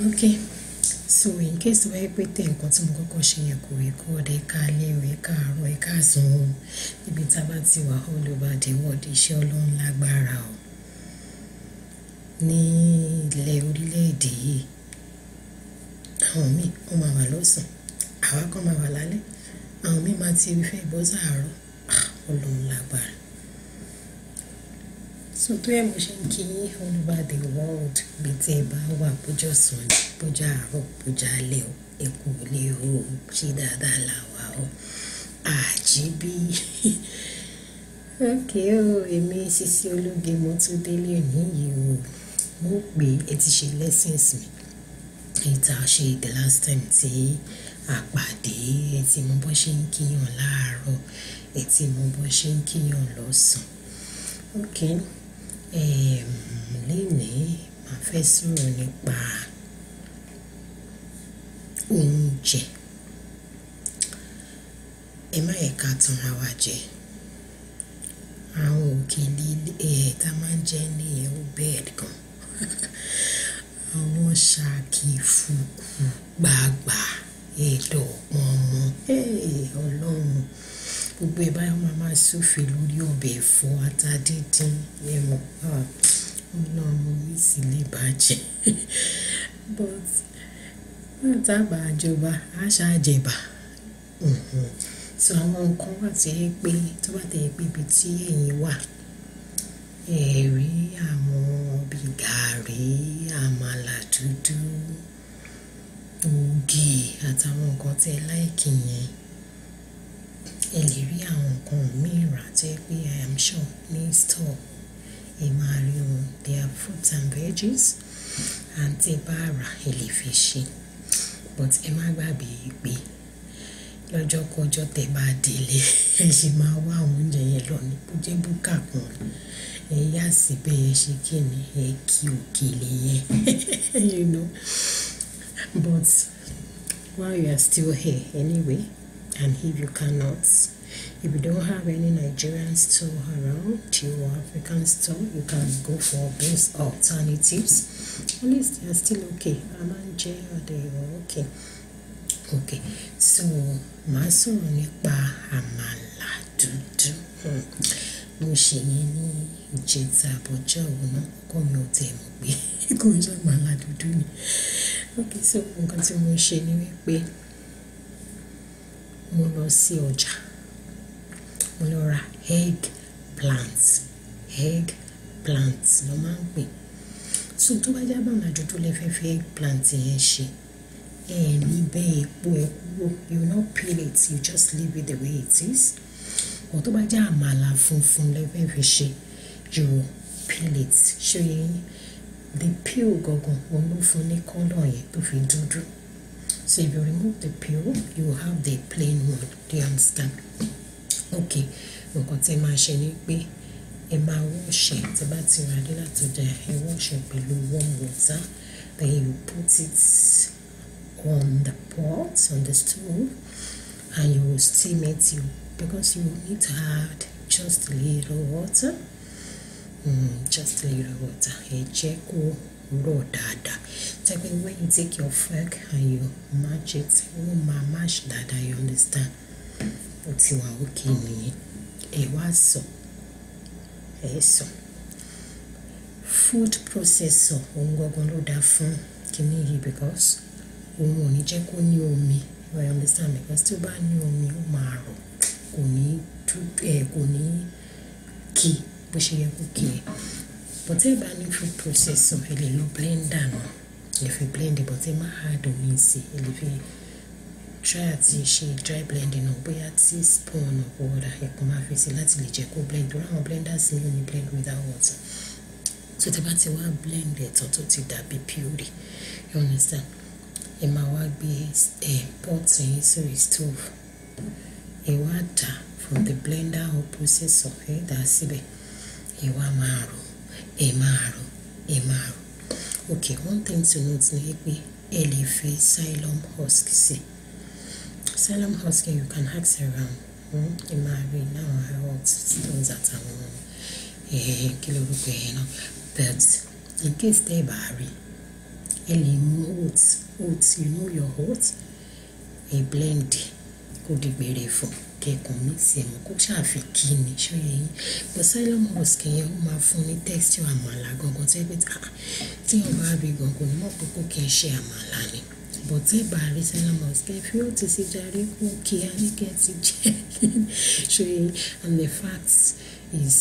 okay so in case wáyé pé tẹ nǹkan tí mo kọ́kọ́ ṣe yẹn kò rí kó ọdẹ ká léèrè káàárọ̀ ẹ káàsán o níbi tá a bá ti wà all over the world iṣẹ́ ọlọ́run lágbára o ní ilẹ̀ orílẹ̀-èdè yìí àwọn míì wọ́n máa wà lọ́sàn àwa kan máa wà lálẹ́ àwọn míì máa ti fẹ́ bọ́ sáàárọ̀ ah, ọlọ́run lágbára so tó yẹ mo ṣe ń kí all over the world bí tí ẹ bá wà bójú ọ̀sán ni bójú àárọ̀ bójú alẹ́ o ẹ kú lé o ṣe dáadáa là o àjíbí ok o èmi Sisi Olúge mo tún délé níyì o mo pè ẹ ti ṣe lessons mi èyí ṣe the last time tí a pàdé ẹ ti mọ bó ṣe ń kíyàn láàárọ̀ ẹ ti mọ bó ṣe ń kíyàn lọ́sàn-án um Lénìí màá fẹ́ sọ̀rọ̀ nípa oúnjẹ. Ẹ má yẹ ká tanra wa jẹ. Àwọn òkèlè ilẹ̀ tá a máa ń jẹ nílé yẹn ó bad gan. Àwọn ṣàkì, fùkù, gbàgbà, ẹ̀dọ̀, pọ̀nmọ́, Ọlọ́run gbogbo ẹ̀ báyìí wọ́n máa súfèé lórí ọbẹ̀ ẹ̀fọ́ ata díndín ẹ̀mọ̀ ah, Ọlọ́run mo miss ilé ìbàjẹ́ but náà tá a bá mm-hmm. so àwọn nǹkan wà tí ẹ pé tó bá tẹ̀ pé ibi tí ẹ̀yin wà ẹ̀rí àwọn bíi gàárì àmàlà dúdú ògì àtàwọn nǹkan tẹ́ láìkì yẹn ẹ lè rí àwọn nǹkan míì rà pé I am sure ní store ẹ máa rí wọn they are fruits and veggies and tẹ́ bá rà ẹ lè fi ṣe but ẹ má gbàgbé pé lọ́jọ́ kọjọ́ tẹ́ bá délé ẹ ṣì máa wá àwọn oúnjẹ yẹn lọ ní kó jẹ́ búkà kan ẹ yá síbẹ̀ ẹ ṣe kí ni ẹ kí òkèlè yẹn you know but while you are still here anyway. And if you cannot, if you don't have any Nigerian store around your African store, you can go for those alternatives. At least they are still okay. Amanje or they okay. Okay, so maso sọ̀rọ̀ nípa àmàlà dúdú. Hmm. Mo ṣe yẹn ní ìjẹta àbọ̀jọ́ òun náà kọ́ mi ò tẹ̀ mọ̀ pé kò ń ṣàmàlà dúdú ni. Okay, so nǹkan tí mo ṣe ni wípé mo lọ sí ọjà mo lọ ra egg plant egg plant ló máa ń pè so tó bá jẹ́ àbàwọ́n àjòjò lè fẹ́ fi egg plant yẹn ṣe ẹ ní bẹ́ẹ̀ epo ẹ kúrò you no peel it you just leave it the way it is ọ̀ tó bá jẹ́ àmàlà funfun lè fẹ́ fi ṣe you peel it ṣé yẹn the peel gangan òun ló fún ní kọ́lọ̀ yẹn tó fi dúdú so if you remove the peel you have the plain one do you understand okay nǹkan tí ẹ máa ṣe ni pé wash. máa wọ́ọ̀ṣẹ̀ tí bá ti rà dé láti ọjà below warm water then you put it on the pot on the stove and you will steam it you because you need to add just a little water mm, just a little water ẹ jẹ́ rọ̀ dáadáa tẹ́ pé when you take your fork and you match it wọ́n máa match dáadáa you understand ó ti wà òkè nìyẹn ẹ wá sọ ẹ sọ food processor òun gangan ló dáa fún kìíní yìí because òun ò ní jẹ́ kó ní omi you understand because tí ó bá ní omi ó máa rọ̀ kò ní kò ní kí bó ṣe yẹ kó kí ẹ but ẹ bá ní food processor ẹ lè lo blend náà If you blend it, but ẹ má hard omi sí ẹ lè fi try àti ṣe dry blending náà bóyá teaspoon of water ẹ kò máa fi sí láti lè jẹ́ kó blend torí àwọn blenders mi ò ní blend without water so tẹ bá ti wá blend ẹ̀tọ́ tó ti dàbí puree you understand ẹ máa wá gbé ẹ pọ́ọ̀tì yín sórí stove ẹ wá dà from the blender or processor ẹ dà síbẹ̀ ẹ wá máa rò ẹ máa rò ẹ máa rò okay one thing to note ni pé ẹ lè fi xylem husk sí xylem husk you can ask around hmm, ẹ máa rí náà health stones àtàwọn kí ló rúkọ ẹ náà but in case tẹ́ ẹ bá rí ẹ lè mú oats oats you know your oats ẹ blend kó di fún un kẹkàn mi sí ẹ̀mọ́ kó ṣàfi kí ni ṣóyè yín but Asylum House kẹyẹn ó máa fún ní tẹ́sítì àmàlà gangan tẹ́ pé ah, tí wọ́n bá rí gangan ni mọ̀ pé kò kí n ṣe àmàlà ni but tẹ́ bá rí Asylum House kẹ́ fi ó ti ṣe darí kó kí á ní kẹ́ ti jẹ́ ṣóyè yín and the fact is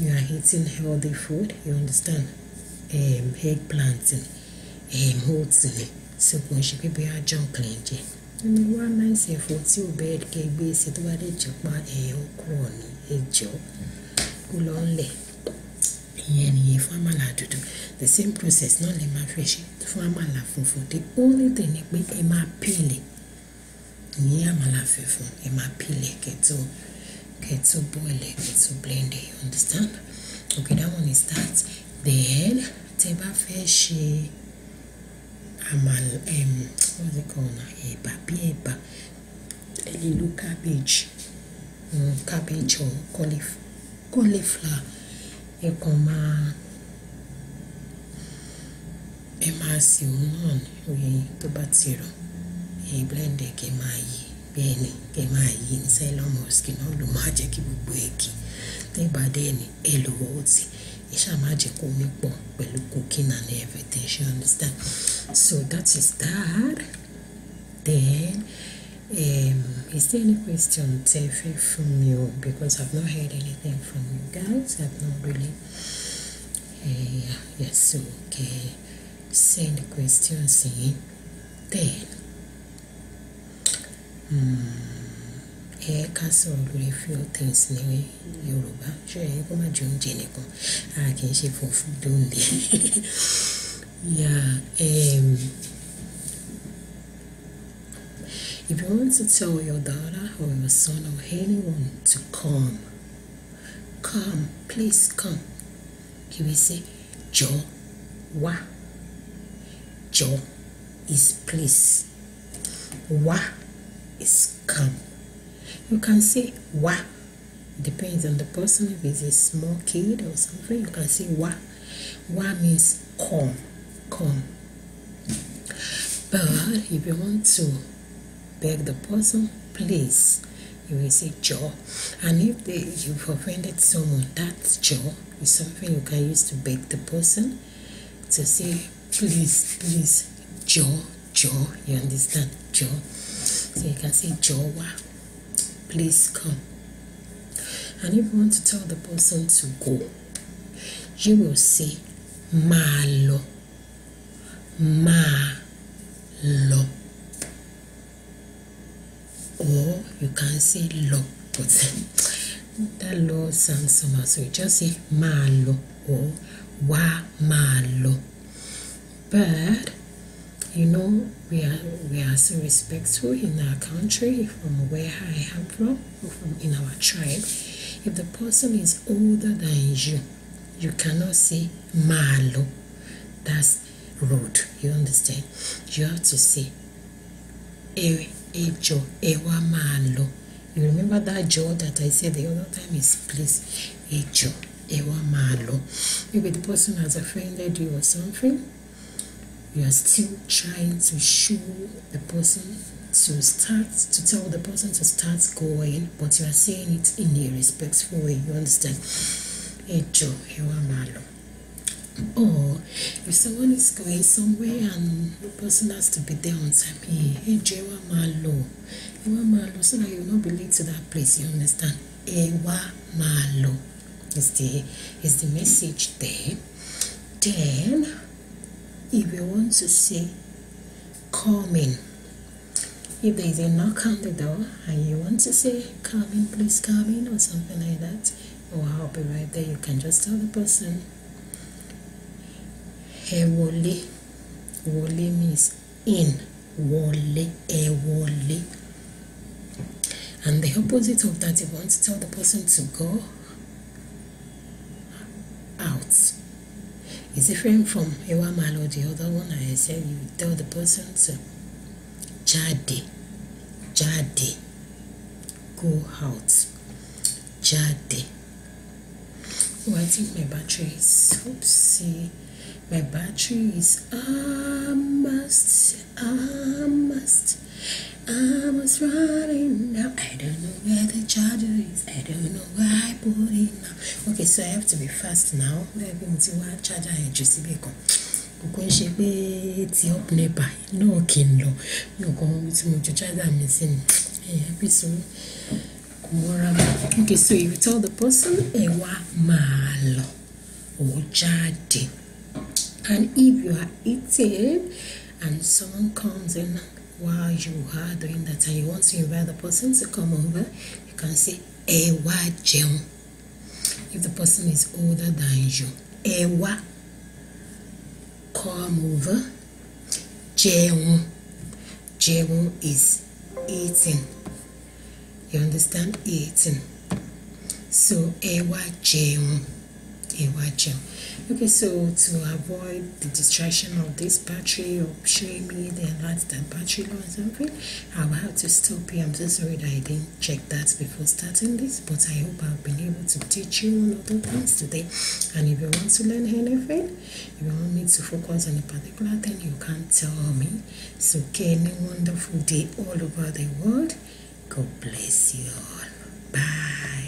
you are eating healthy food you understand um, eggplant ni um, ehm, oats ni so kò ń ṣe pé bí a junk lè jẹ́ fún one nine seven four tí ò bẹ́ẹ̀ kẹ́ gbé ṣe tó bá dẹ̀ jẹ́ pa ẹ̀yọ́ kúrò ní ẹjọ́ kó lọ ńlẹ̀ ìyẹn nìyẹn fún dúdú the same process náà lè máa fẹ́ ṣe fún funfun the only thing ni pé ẹ máa pèlè ìyẹn àmàlà funfun ẹ máa pèlè kẹtọ kẹtọ bọ́ọ̀lẹ̀ kẹtọ blender you understand okay that one is that then tẹ bá fẹ́ ṣe amal um what's it called now ẹ̀bà bí ẹ̀bà ẹ lè lo cabbage um, cabbage or caulif cauliflower ẹ kàn máa ẹ máa sì òun náà ní oyin tó bá ti rọ ẹ blend ẹ kẹ máa yí bẹ́ẹ̀ ni kẹ máa yí ní sẹ́lọ̀mù ọ̀sìn náà ló máa jẹ́ kí gbogbo ẹ̀ kí tẹ́ bá dẹ́ ni ẹ lọ́wọ́ ó ti. cooking and everything. She understand. So that is that. Then, um, is there any question, from you? Because I've not heard anything from you guys. I've not really. Uh, yes, okay. Send questions in. Then, hmm ẹ ká lórí few things ní yorùbá ṣé ẹ kó má jẹ a ṣe um, if you want to tell your daughter or your son or anyone to come come please come you will say jọ wá jọ is please wá is come. You can say wa. Depends on the person. If it's a small kid or something, you can say wa. Wa means come, come. But if you want to beg the person, please, you will say jaw. And if they, you've offended someone, that jaw is something you can use to beg the person to say, please, please, jaw, jaw. You understand? Jaw. So you can say jaw please come. And if you want to tell the person to go, you will say, Malo. Malo. Or you can say lo, but that lo sounds somehow. So you just say malo or wa malo. But you know, we are, we are so respectful in our country, from where I am from, or from in our tribe. If the person is older than you, you cannot say malo. That's rude. You understand? You have to say e ejo ewa malo. You remember that jaw that I said the other time is please ejo ewa malo. Maybe the person has offended you or something you are still trying to show the person to start to tell the person to start going but you are saying it in a respectful way you understand ejo malo. or if someone is going somewhere and the person has to be there on time eh, ejo ewamalo malo. so that you will not be late to that place you understand ewamalo is the is the message there then if you want to see coming if there is a knock on the door and you want to say come in please come in or something like that or i'll be right there you can just tell the person Wally Wally means in wole Wally and the opposite of that you want to tell the person to go out it's different from Iwamal Malo, the other one I said you tell the person to Jade. Jade. Go out. Jade. Oh, I think my battery is oopsie. My battery is almost almost I was running now. I don't know where the charger is. I don't know where I put it now. Okay, so I have to be fast now. Bẹ́ẹ̀ bí mo ti wá charger I jù síbi kan. Kò ń ṣe pé ti up nepa náà kì í lọ. Mi ò kọ́ tí mo ju charger mi sí ni. Ẹ̀yà bí so kò rọra mọ́. Okay, so if you tell the person ẹ wá máa lọ or jáde. And if you are eating and someone comes in. while you are doing that and you want to invite the person to come over, you can say "ewa jeon." If the person is older than you, "ewa come over. jeon." Jeon is eating. You understand? Eating. So "ewa jeon," "ewa jeon." okay so to avoid the distraction of this battery or shaming the alert that battery or something i'll have to stop here i'm so sorry that i didn't check that before starting this but i hope i've been able to teach you one of the things today and if you want to learn anything if you want me to focus on a particular thing you can tell me so can a wonderful day all over the world god bless you all bye